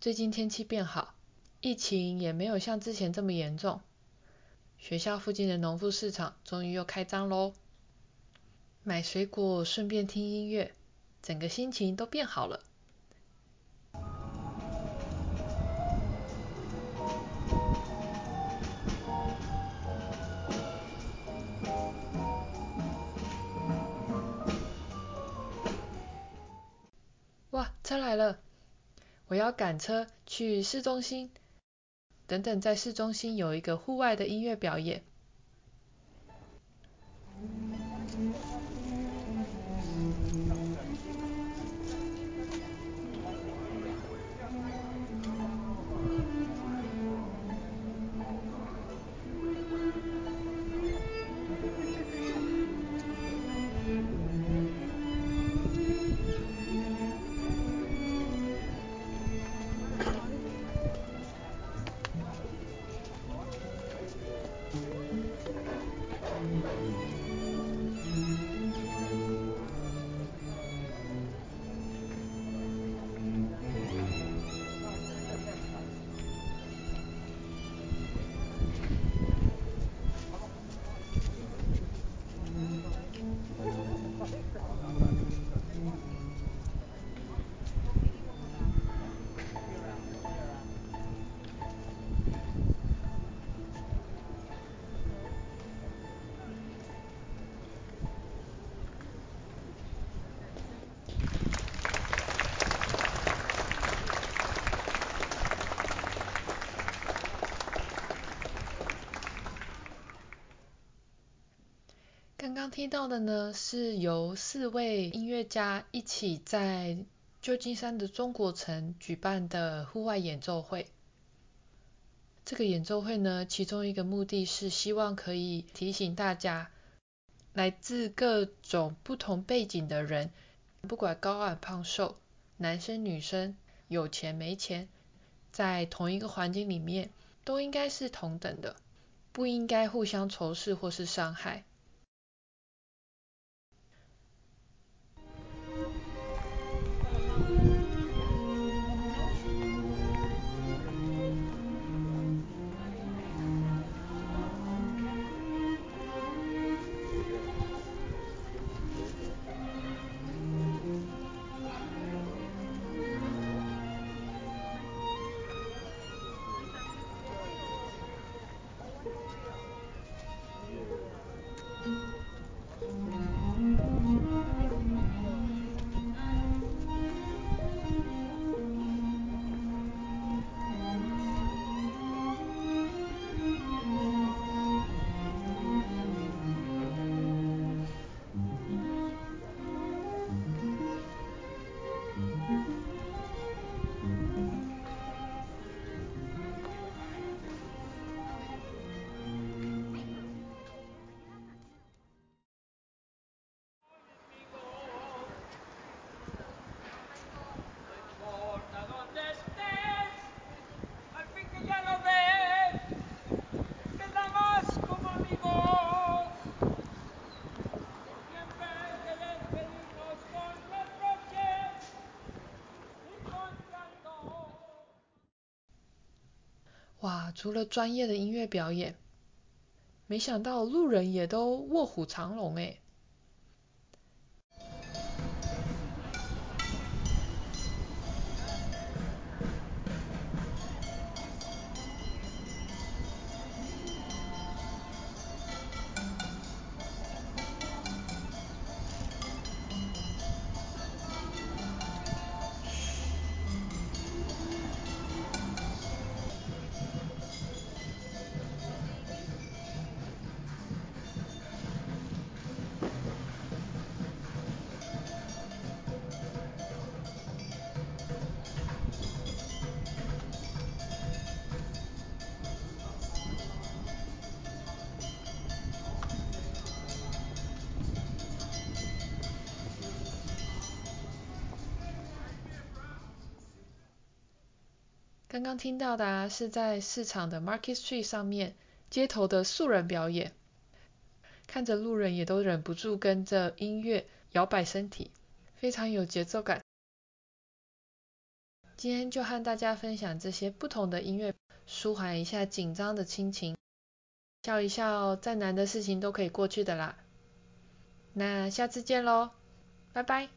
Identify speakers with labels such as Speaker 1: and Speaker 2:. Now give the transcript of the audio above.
Speaker 1: 最近天氣變好，疫情也沒有像之前這麼嚴重。學校附近的農夫市場終於又開張嘍，買水果順便聽音樂，整個心情都變好了。車來了，我要趕車去市中心。等等，在市中心有一個戶外的音樂表演。剛剛聽到的呢，是由四位音樂家一起在舊金山的中國城舉辦的戶外演奏會。這個演奏會呢，其中一個目的是希望可以提醒大家，來自各種不同背景的人，不管高矮胖瘦、男生女生、有錢沒錢，在同一個環境裡面，都應該是同等的，不應該互相仇視或是傷害。哇，除了專業的音樂表演，沒想到路人也都臥虎藏龍誒。剛剛聽到的是在市場的 Market Street 上面，街頭的素人表演，看着路人也都忍不住跟着音樂搖擺身體，非常有節奏感。今天就和大家分享這些不同的音樂，舒緩一下緊張的心情，笑一笑，再難的事情都可以過去的啦。那下次見咯，拜拜。